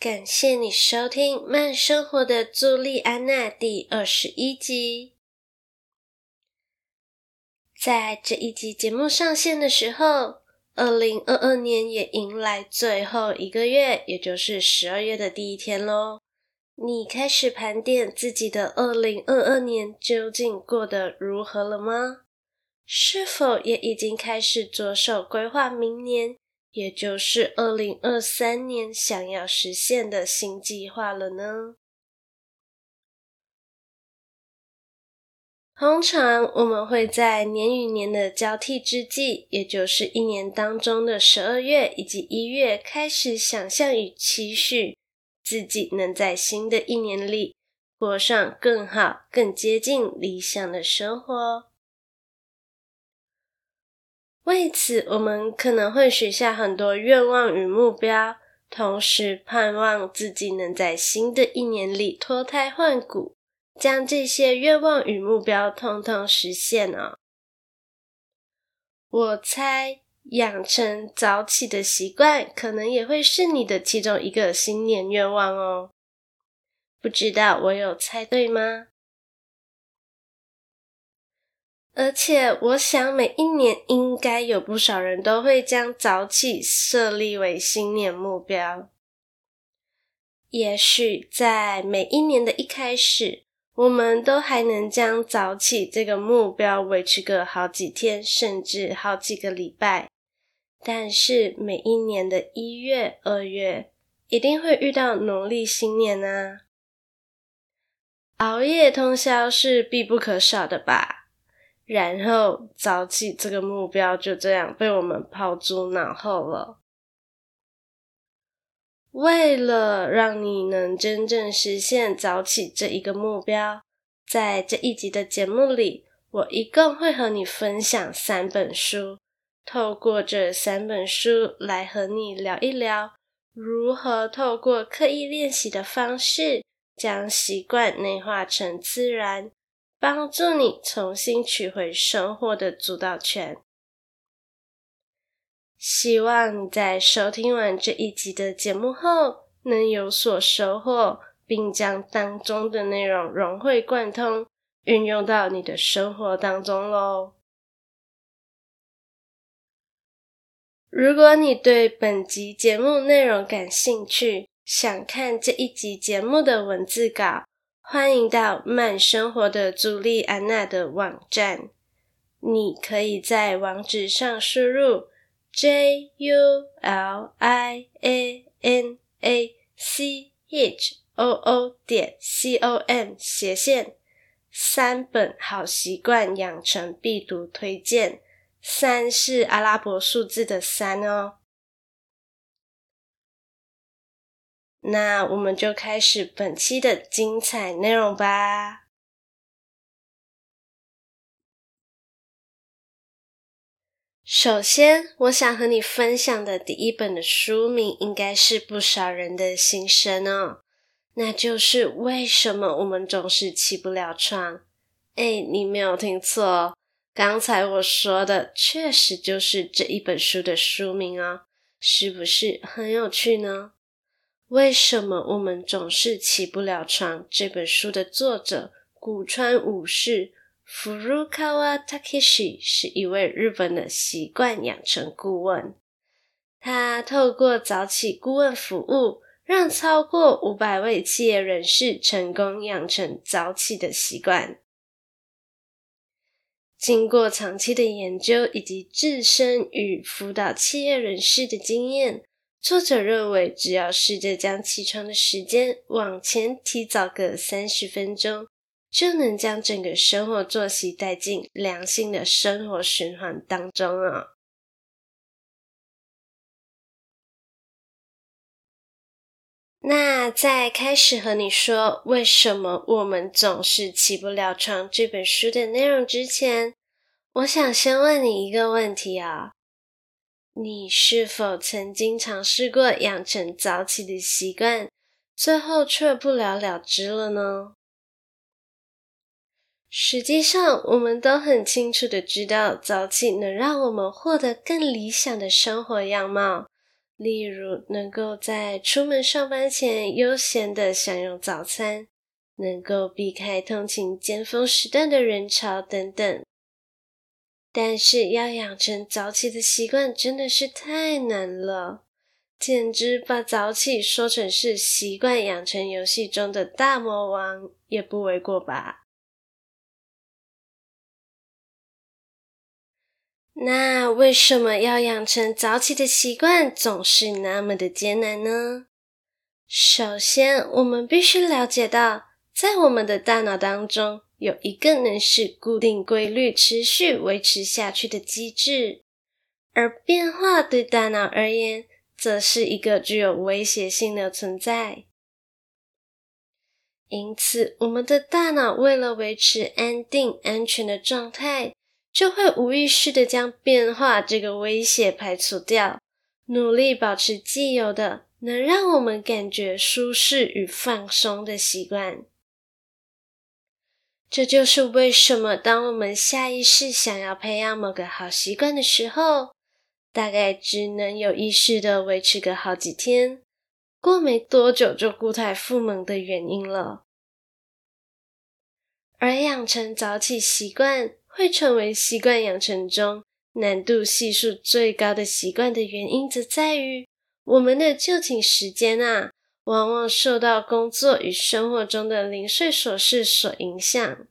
感謝你收聽《慢生活》的朱莉安娜第二十一集。在這一集節目上線的時候，二零二二年也迎來最後一個月，也就是十二月的第一天嘍。你開始盤點自己的二零二二年究竟過得如何了嗎？是否也已經開始着手規劃明年？也就是二零二三年想要實現的新計劃了呢？通常我們會在年與年的交替之際，也就是一年當中的十二月以及一月，開始想象與期許自己能在新的一年裡過上更好、更接近理想的生活。為此，我們可能會許下很多願望與目標，同時盼望自己能在新的一年裡脫胎換骨，將這些願望與目標通通實現哦。我猜養成早起的習慣，可能也會是你的其中一個新年願望哦。不知道我有猜對嗎？而且，我想每一年應該有不少人都會將早起設立為新年目標。也許在每一年的一開始，我們都還能將早起這個目標維持個好幾天，甚至好幾個禮拜。但是每一年的一月、二月，一定會遇到農曆新年啊！熬夜通宵是必不可少的吧？然後早起這個目標就這樣被我們拋諸腦後了。為了讓你能真正實現早起這一個目標，在這一集的節目裡，我一共會和你分享三本書，透過這三本書來和你聊一聊，如何透過刻意練習的方式，將習慣內化成自然。幫助你重新取回生活的主導權。希望你在收聽完這一集的節目後，能有所收穫，並將當中的內容融會貫通，運用到你的生活當中嘍。如果你對本集節目內容感興趣，想看這一集節目的文字稿，歡迎到慢生活的朱莉安娜的網站。你可以在網址上輸入 julianachoo 點 com 斜線三本好習慣養成必讀推薦。三是阿拉伯數字的三哦。那我們就開始本期的精彩內容吧。首先，我想和你分享的第一本的書名，應該是不少人的心聲哦。那就是為什麼我們總是起不了床？哎，你沒有聽錯哦，剛才我說的確實就是這一本書的書名哦。是不是很有趣呢？為什麼我們總是起不了床？這本書的作者古川武士 （Furukawa Takeshi） 是一位日本的習慣養成顧問。他透過早起顧問服務，讓超過五百位企業人士成功養成早起的習慣。經過長期的研究以及自身與輔導企業人士的經驗。作者認為，只要試着將起床的時間往前提早個三十分鐘，就能將整個生活作息帶進良性的生活循環當中啊。那在開始和你說為什麼我們總是起不了床這本書的內容之前，我想先問你一個問題啊。你是否曾經嘗試過養成早起的習慣，最後卻不了了之了呢？實際上，我們都很清楚的知道，早起能讓我們獲得更理想的生活樣貌，例如能夠在出門上班前悠閒的享用早餐，能夠避開通勤尖峰時段的人潮等等。但是要養成早起的習慣真的是太難了，簡直把早起說成是習慣養成遊戲中的大魔王也不為過吧？那為什麼要養成早起的習慣總是那麼的艱難呢？首先，我們必須了解到，在我們的大腦當中，有一個能使固定規律持續維持下去的機制，而變化對大腦而言，則是一個具有威脅性的存在。因此，我們的大腦為了維持安定、安全的狀態，就會無意識的將變化這個威脅排除掉，努力保持既有的能讓我們感覺舒適與放鬆的習慣。這就是為什麼，當我們下意識想要培養某個好習慣的時候，大概只能有意識地維持個好幾天，過沒多久就故態復萌的原因了。而養成早起習慣會成為習慣養成中難度係數最高的習慣的原因，則在於我們的就寢時間啊。往往受到工作與生活中的零碎瑣事所影響。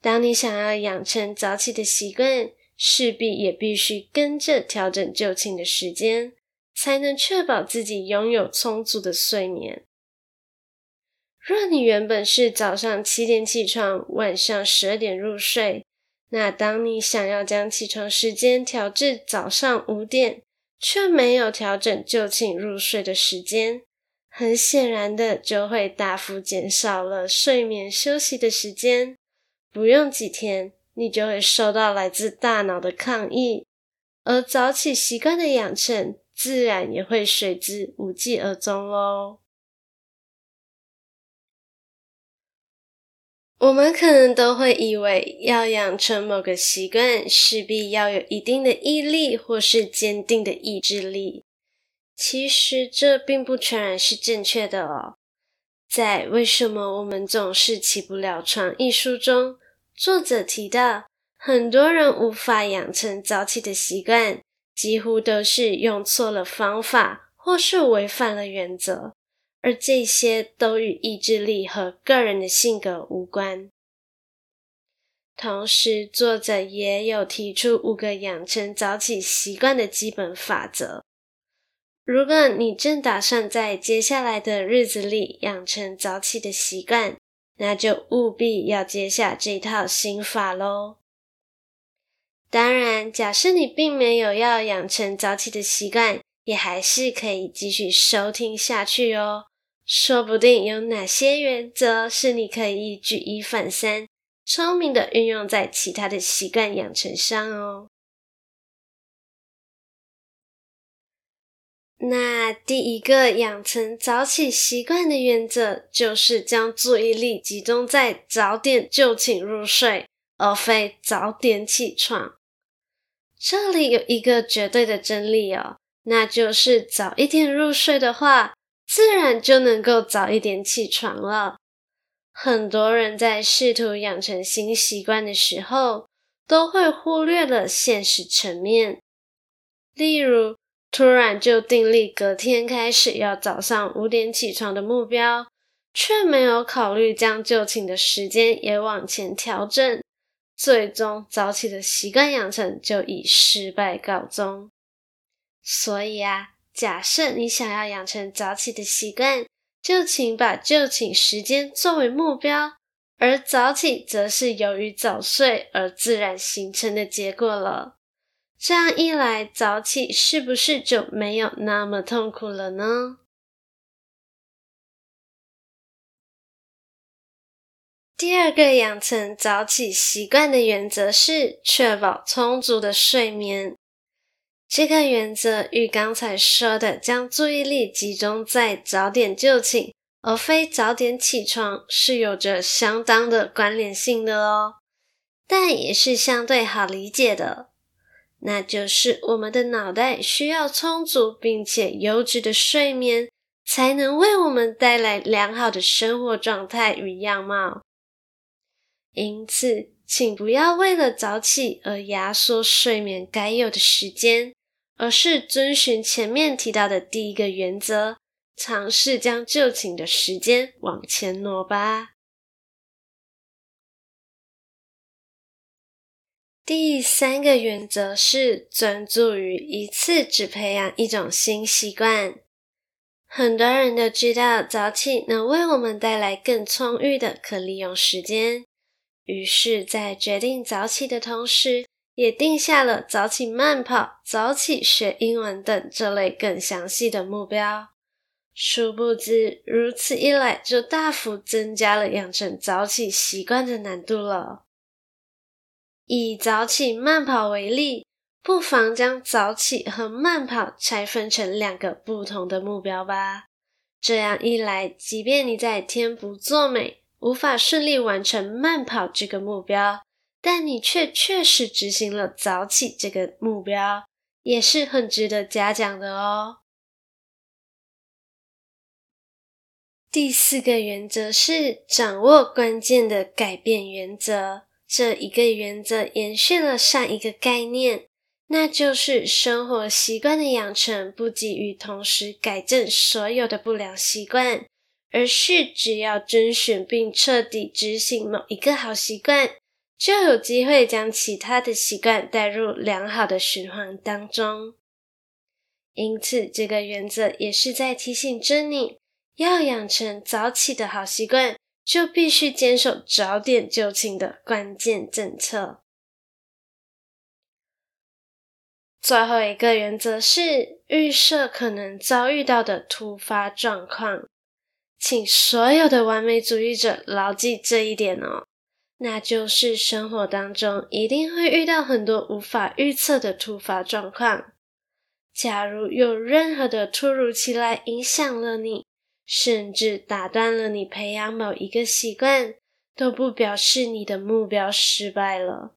當你想要養成早起的習慣，勢必也必須跟着調整就寢的時間，才能確保自己擁有充足的睡眠。若你原本是早上七點起床，晚上十二點入睡，那當你想要將起床時間調至早上五點，卻沒有調整就寢入睡的時間，很顯然的就會大幅減少了睡眠休息的時間。不用幾天，你就會受到來自大腦的抗議，而早起習慣的養成，自然也會隨之無疾而終哦。我們可能都會以為，要養成某個習慣，勢必要有一定的毅力或是堅定的意志力。其實這並不全然是正確的哦。在《為什麼我們總是起不了床》一書中，作者提到，很多人無法養成早起的習慣，幾乎都是用錯了方法或是違反了原則。而這些都與意志力和個人的性格無關。同時，作者也有提出五個養成早起習慣的基本法則。如果你正打算在接下來的日子裡養成早起的習慣，那就務必要接下這套心法嘍。當然，假設你並沒有要養成早起的習慣。也還是可以繼續收聽下去哦，說不定有哪些原則是你可以舉一反三，聰明地運用在其他的習慣養成上哦。那第一個養成早起習慣的原則，就是將注意力集中在早點就寢入睡，而非早點起床。這裡有一個絕對的真理哦。那就是早一點入睡的話，自然就能夠早一點起床了。很多人在試圖養成新習慣的時候，都會忽略了現實層面。例如，突然就訂立隔天開始要早上五點起床的目標，卻沒有考慮將就寢的時間也往前調整，最終早起的習慣養成就以失敗告終。所以啊，假設你想要養成早起的習慣，就請把就寢時間作為目標，而早起則是由於早睡而自然形成的結果了。這樣一來，早起是不是就沒有那麼痛苦了呢？第二個養成早起習慣的原則是確保充足的睡眠。這個原則與剛才說的將注意力集中在早點就寢，而非早點起床，是有着相當的關聯性的哦。但也是相對好理解的，那就是我們的腦袋需要充足並且優質的睡眠，才能為我們帶來良好的生活狀態與樣貌。因此，請不要為了早起而壓縮睡眠該有的時間。而是遵循前面提到的第一個原則，嘗試將就寢的時間往前挪吧。第三個原則是專注於一次只培養一種新習慣。很多人都知道早起能為我們帶來更充裕的可利用時間，於是在決定早起的同時，也定下了早起慢跑、早起學英文等這類更詳細的目標，殊不知如此一來就大幅增加了養成早起習慣的難度了。以早起慢跑為例，不妨將早起和慢跑拆分成兩個不同的目標吧。這樣一來，即便你在天不作美，無法順利完成慢跑這個目標，但你卻確實執行了早起這個目標，也是很值得嘉獎的哦。第四個原則是掌握關鍵的改變原則，這一個原則延續了上一個概念，那就是生活習慣的養成不急於同時改正所有的不良習慣，而是只要甄選並徹底執行某一個好習慣。就有機會將其他的習慣帶入良好的循環當中。因此，這個原則也是在提醒著你要養成早起的好習慣，就必須堅守早點就寢的關鍵政策。最後一個原則是預設可能遭遇到的突發狀況，請所有的完美主義者牢記這一點哦。那就是生活當中一定會遇到很多無法預測的突發狀況。假如有任何的突如其來影響了你，甚至打斷了你培養某一個習慣，都不表示你的目標失敗了。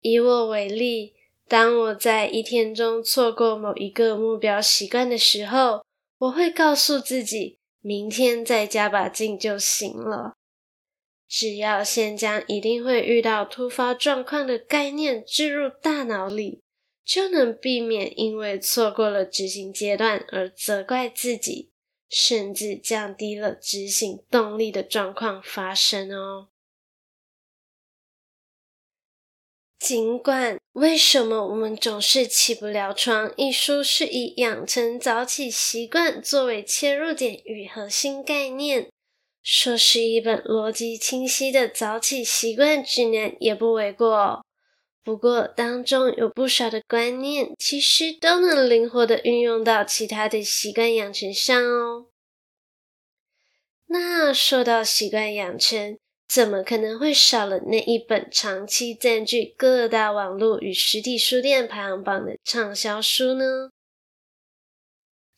以我為例，當我在一天中錯過某一個目標習慣的時候，我會告訴自己，明天再加把勁就行了。只要先將一定會遇到突發狀況的概念置入大腦裡，就能避免因為錯過了執行階段而責怪自己，甚至降低了執行動力的狀況發生哦。儘管為什麼我們總是起不了床一書是以養成早起習慣作為切入點與核心概念。說是一本邏輯清晰的早起習慣指南也不為過，不過當中有不少的觀念，其實都能靈活地運用到其他的習慣養成上哦。那說到習慣養成，怎麼可能會少了那一本長期佔據各大網絡與實體書店排行榜的暢銷書呢？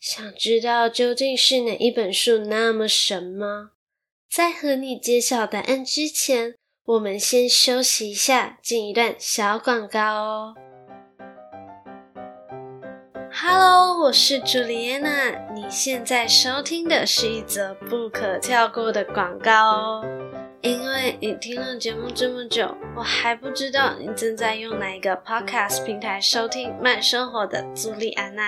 想知道究竟是哪一本書那麼神嗎？在和你揭曉答案之前，我們先休息一下，進一段小廣告哦。Hello，我是朱莉安娜，你現在收聽的是一則不可跳過的廣告哦。因為你聽了節目這麼久，我還不知道你正在用哪一個 Podcast 平台收聽《慢生活》的朱莉安娜。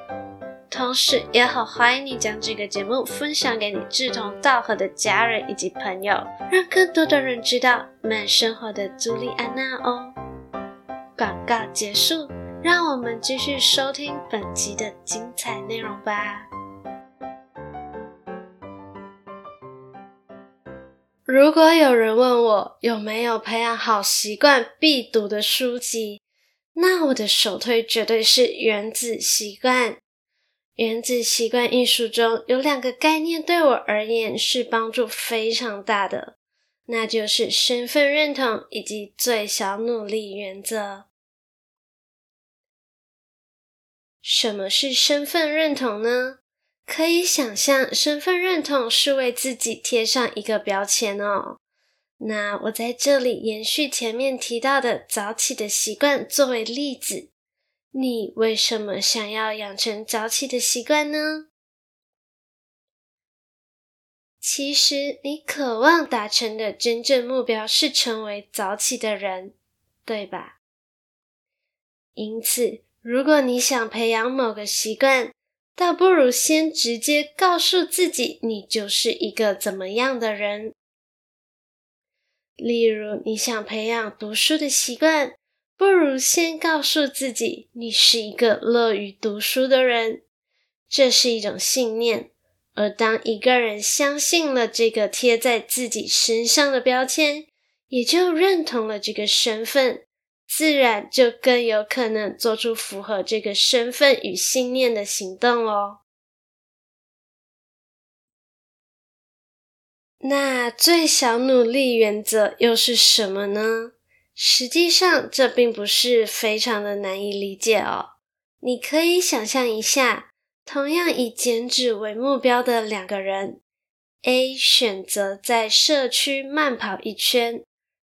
同時也很歡迎你將這個節目分享給你志同道合的家人以及朋友，讓更多的人知道慢生活的朱莉安娜哦。廣告結束，讓我們繼續收聽本集的精彩內容吧。如果有人問我有沒有培養好習慣必讀的書籍，那我的首推絕對是《原子習慣》。原子習慣一書中有兩個概念對我而言是幫助非常大的，那就是身份認同以及最小努力原則。什麼是身份認同呢？可以想象，身份認同是為自己貼上一個標籤哦。那我在這裡延續前面提到的早起的習慣作為例子。你為什麼想要養成早起的習慣呢？其實你渴望達成的真正目標是成為早起的人，對吧？因此，如果你想培養某個習慣，倒不如先直接告訴自己，你就是一個怎麼樣的人。例如，你想培養讀書的習慣。不如先告訴自己，你是一個樂於讀書的人，這是一種信念。而當一個人相信了這個貼在自己身上的標籤，也就認同了這個身份，自然就更有可能做出符合這個身份與信念的行動哦。那最小努力原則又是什麼呢？實際上，這並不是非常的難以理解哦。你可以想象一下，同樣以減脂為目標的兩個人，A 選擇在社區慢跑一圈，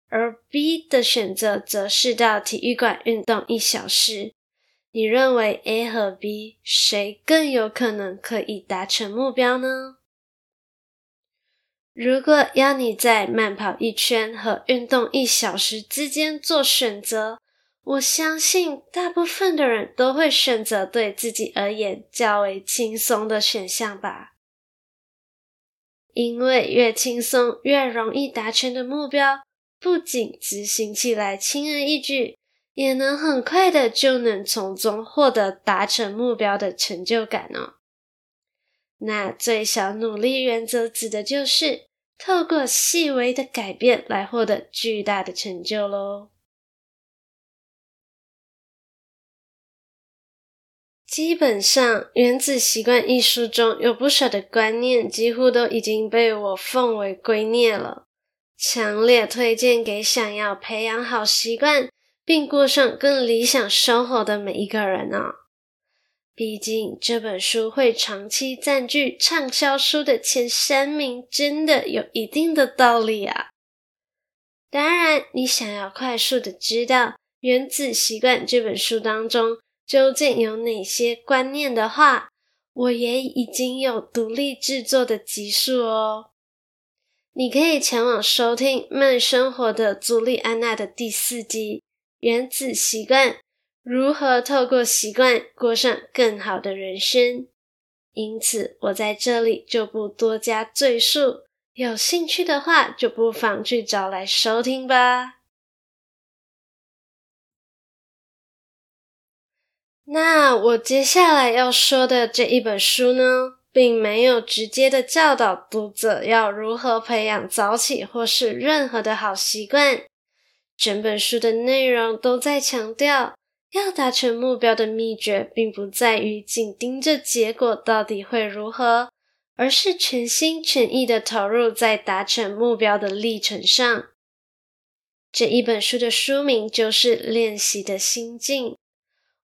而 B 的選擇則是到體育館運動一小時。你認為 A 和 B 誰更有可能可以達成目標呢？如果要你在慢跑一圈和運動一小時之間做選擇，我相信大部分的人都會選擇對自己而言較為輕鬆的選項吧。因為越輕鬆越容易達成的目標，不僅執行起來輕而易舉，也能很快的就能從中獲得達成目標的成就感哦。那最小努力原則指的就是透過細微的改變來獲得巨大的成就嘍。基本上，《原子習慣》一書中有不少的觀念，幾乎都已經被我奉為圭臬了。強烈推薦給想要培養好習慣，並過上更理想生活的每一個人啊、哦！畢竟這本書會長期佔據暢銷書的前三名，真的有一定的道理啊！當然，你想要快速的知道《原子習慣》這本書當中究竟有哪些觀念的話，我也已經有獨立製作的集數哦。你可以前往收聽《慢生活》的朱莉安娜的第四集《原子習慣》。如何透過習慣過上更好的人生？因此，我在這裡就不多加贅述。有興趣的話，就不妨去找來收聽吧。那我接下來要說的這一本書呢，並沒有直接的教導讀者要如何培養早起或是任何的好習慣。整本書的內容都在強調，要達成目標的秘訣，並不在於緊盯着結果到底會如何，而是全心全意的投入在達成目標的歷程上。這一本書的書名就是《練習的心境》。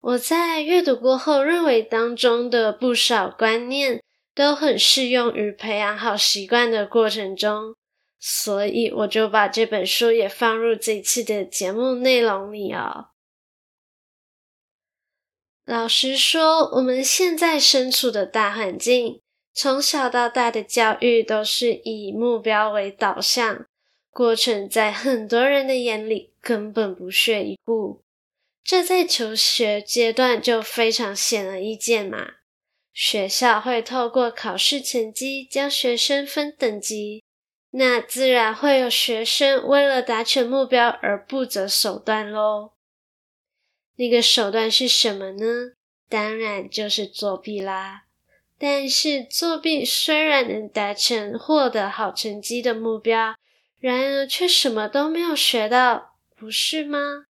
我在閱讀過後，認為當中的不少觀念都很適用於培養好習慣的過程中，所以我就把這本書也放入這一次的節目內容裡哦。老實說，我們現在身處的大環境，從小到大的教育都是以目標為導向，過程在很多人的眼裡根本不屑一顧。這在求學階段就非常顯而易見嘛。學校會透過考試成績將學生分等級，那自然會有學生為了達成目標而不擇手段嘍。那個手段是什麼呢？當然就是作弊啦。但是作弊雖然能達成獲得好成績的目標，然而卻什麼都沒有學到，不是嗎？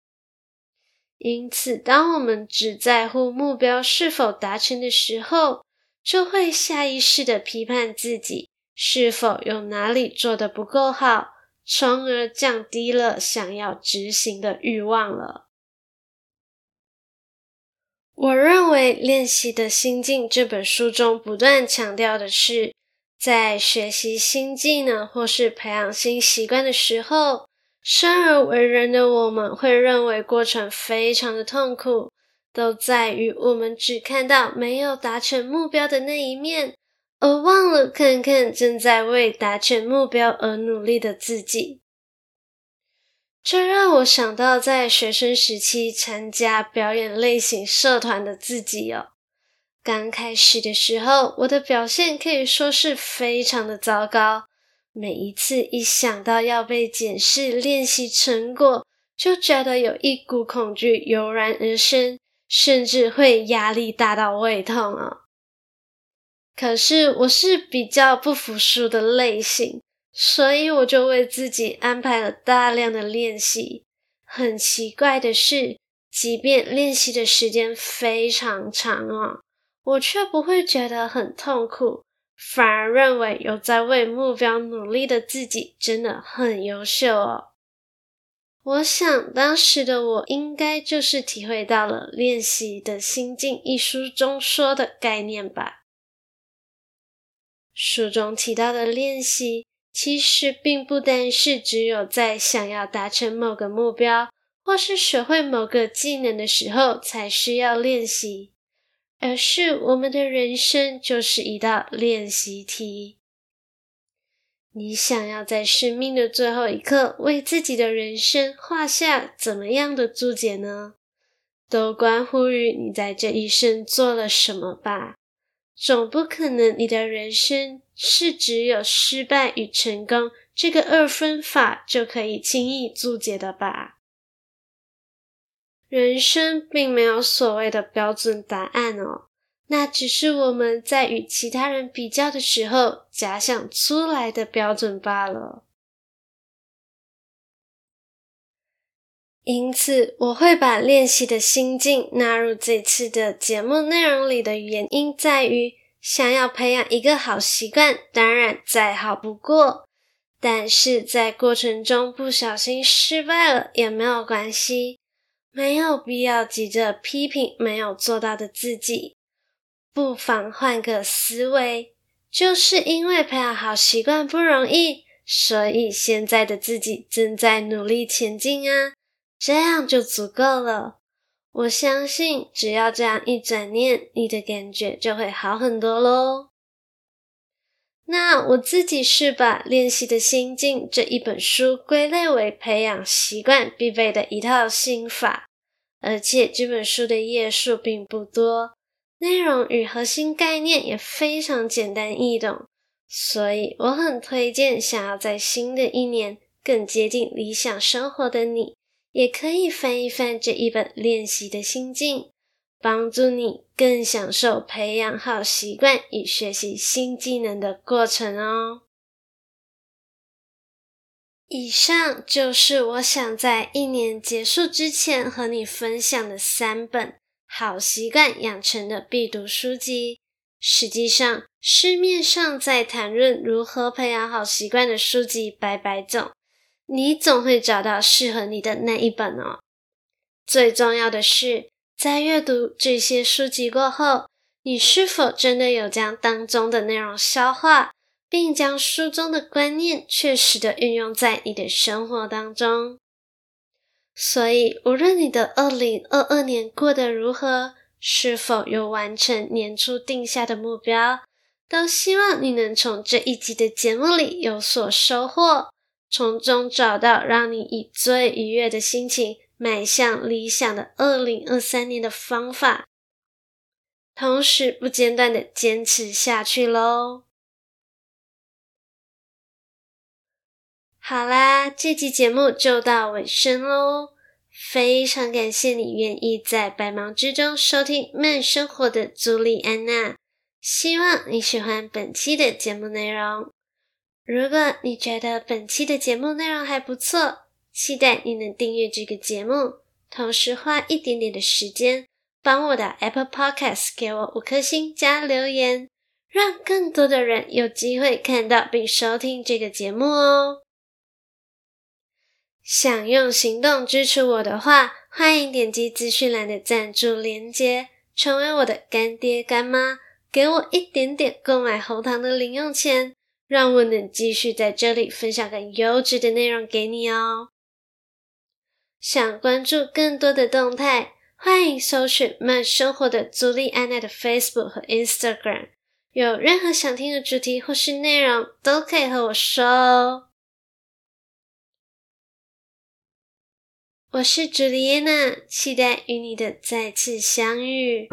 因此，當我們只在乎目標是否達成的時候，就會下意識的批判自己是否有哪裡做的不夠好，從而降低了想要執行的慾望了。我認為《練習的心境》這本書中不斷強調的是，在學習新技能或是培養新習慣的時候，生而為人的我們會認為過程非常的痛苦，都在於我們只看到沒有達成目標的那一面，而忘了看看正在為達成目標而努力的自己。這讓我想到在學生時期參加表演類型社團的自己哦。剛開始的時候，我的表現可以說是非常的糟糕。每一次一想到要被檢視練習成果，就覺得有一股恐懼油然而生，甚至會壓力大到胃痛哦。可是我是比較不服輸的類型。所以我就為自己安排了大量的練習。很奇怪的是，即便練習的時間非常長啊、哦，我卻不會覺得很痛苦，反而認為有在為目標努力的自己真的很優秀哦。我想當時的我應該就是體會到了《練習的心境》一書中說的概念吧。書中提到的練習。其實並不單是只有在想要達成某個目標，或是學會某個技能的時候才需要練習，而是我們的人生就是一道練習題。你想要在生命的最後一刻為自己的人生畫下怎麼樣的注解呢？都關乎於你在這一生做了什麼吧。總不可能，你的人生是只有失敗與成功，這個二分法就可以輕易註解的吧？人生並沒有所謂的標準答案哦，那只是我們在與其他人比較的時候假想出來的標準罷了。因此，我會把練習的心境納入這次的節目內容裡的原因，在於想要培養一個好習慣，當然再好不過。但是在過程中不小心失敗了也沒有關係，沒有必要急着批評沒有做到的自己。不妨換個思維，就是因為培養好習慣不容易，所以現在的自己正在努力前進啊。這樣就足夠了。我相信，只要這樣一轉念，你的感覺就會好很多嘍。那我自己是把《練習的心境》這一本書歸類為培養習慣必備的一套心法，而且這本書的頁數並不多，內容與核心概念也非常簡單易懂，所以我很推薦想要在新的一年更接近理想生活的你。也可以翻一翻這一本練習的心境，幫助你更享受培養好習慣與學習新技能的過程哦。以上就是我想在一年結束之前和你分享的三本好習慣養成的必讀書籍。實際上，市面上在談論如何培養好習慣的書籍白白總，百百種。你總會找到適合你的那一本哦。最重要的是，在閱讀這些書籍過後，你是否真的有將當中的內容消化，並將書中的觀念確實的運用在你的生活當中？所以，無論你的二零二二年過得如何，是否有完成年初定下的目標，都希望你能從這一集的節目裡有所收穫。從中找到讓你以最愉悅的心情邁向理想的二零二三年的方法，同時不間斷地堅持下去嘍。好啦，這期節目就到尾聲嘍，非常感謝你願意在百忙之中收聽《慢生活》的朱莉安娜，希望你喜歡本期的節目內容。如果你覺得本期的節目內容還不錯，期待你能訂閱這個節目，同時花一點點的時間幫我的 Apple Podcast 給我五顆星加留言，讓更多的人有機會看到並收聽這個節目哦。想用行動支持我的話，歡迎點擊資訊欄的贊助連接，成為我的乾爹乾媽，給我一點點購買紅糖的零用錢。讓我能繼續在這裡分享更優質的內容給你哦。想關注更多的動態，歡迎搜尋慢生活的朱莉安娜的 Facebook 和 Instagram。有任何想聽的主題或是內容，都可以和我說哦。我是朱莉安娜，期待與你的再次相遇。